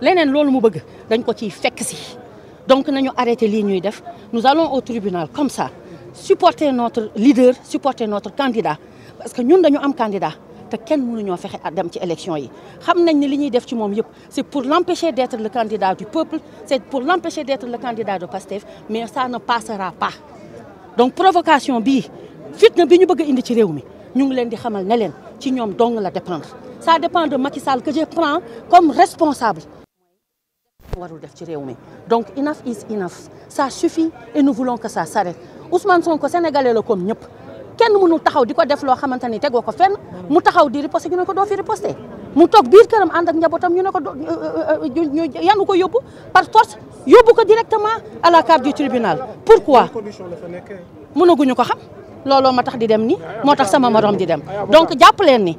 leneen loolu mu bëgg dañ ko ci fekk ci donc nañu arrêté li ñuy def nous allons au tribunal comme ça supporter notre leader supporter notre candidat parce que ñun dañu am candidat te kenn mënu ñoo fexé dem ci élection yi xam nañ ni li ñuy def ci mom yëpp c'est pour l'empêcher d'être le candidat du peuple c'est pour l'empêcher d'être le candidat de Pastef mais ça ne passera pas donc provocation bi fitna bi ñu bëgg indi ci Nous mi ñu ngi leen di xamal ne leen ci ñoom la dépendre ça dépend de Macky Sall que je prends comme responsable donc enough is enough ça suffit et nous voulons que ça s'arrête Ousmane Sonko sénégalais le comme ñëpp kenn mënul taxaw di def nous xamante ko mu biir këram ne pas euh, euh, euh, par directement à la carte du tribunal pourquoi mënaguñu ko xam nous ma tax di dem ni donc j'appelle les ni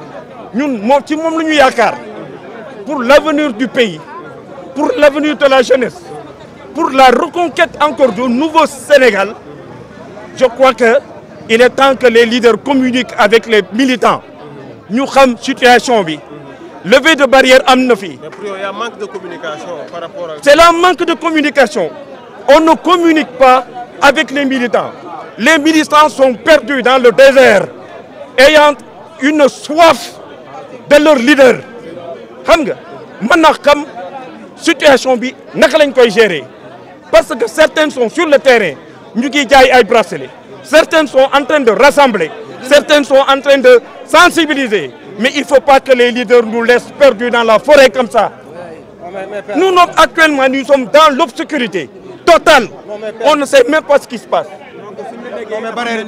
ñun pour l'avenir du pays pour l'avenir de la jeunesse pour la reconquête encore du nouveau Sénégal je crois que il est temps que les leaders communiquent avec les militants nous ñu la situation levé levée de barrière am c'est un manque de communication on ne communique pas avec les militants les militants sont perdus dans le désert ayant une soif de leur leader xam nga situation bi gérer parce que certains sont sur le terrain nous qui ay bracelet Certains sont en train de rassembler Certains sont en train de sensibiliser mais il faut pas que les leaders nous laissent perdus dans la forêt comme ça nous, nous actuellement nous sommes dans l'obscurité totale on ne sait même pas ce qui se passe barrière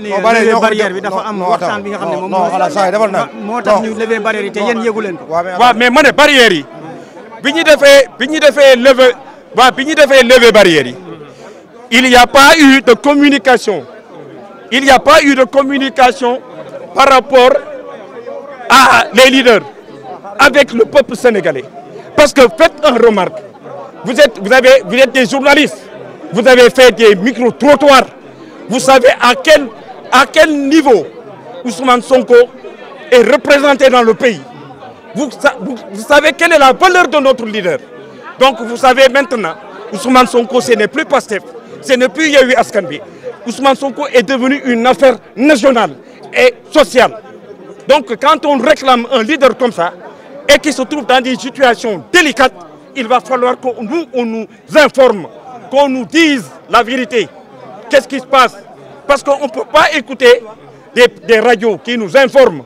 il n'y a pas eu de communication il n'y a pas eu de communication par rapport à les leaders avec le peuple sénégalais parce que faites un remarque vous êtes vous avez vous êtes des journalistes vous avez fait des micro trottoirs vous savez à quel, à quel niveau Ousmane Sonko est représenté dans le pays. Vous, savez quelle est la valeur de notre leader. Donc vous savez maintenant, Ousmane Sonko, ce n'est plus PASTEF, ce n'est plus Yehui Askanbi. Ousmane Sonko est devenu une affaire nationale et sociale. Donc quand on réclame un leader comme ça, et qui se trouve dans des situations délicates, il va falloir que nous, on nous informe, qu'on nous dise la vérité qu'est-ce qui se passe Parce qu'on ne peut pas écouter des, radios qui nous informent.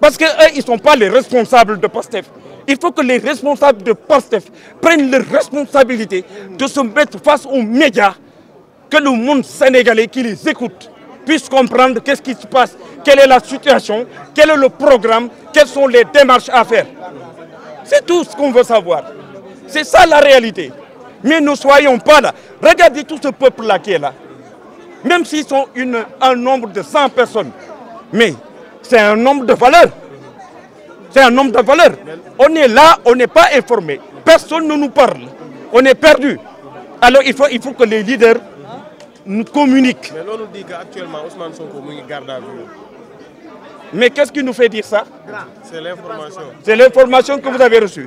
Parce qu'eux, ils ne sont pas les responsables de Postef. Il faut que les responsables de Postef prennent la responsabilité de se mettre face aux médias, que le monde sénégalais qui les écoute puisse comprendre qu'est-ce qui se passe, quelle est la situation, quel est le programme, quelles sont les démarches à faire. C'est tout ce qu'on veut savoir. C'est ça la réalité. Mais ne soyons pas là. Regardez tout ce peuple-là qui est là. Même s'ils sont une, un nombre de 100 personnes. Mais c'est un nombre de valeurs. C'est un nombre de valeurs. On est là, on n'est pas informé. Personne ne nous parle. On est perdu. Alors il faut, il faut que les leaders nous communiquent. Mais l'on nous dit qu'actuellement Ousmane garde à Mais qu'est-ce qui nous fait dire ça C'est l'information. C'est l'information que vous avez reçue.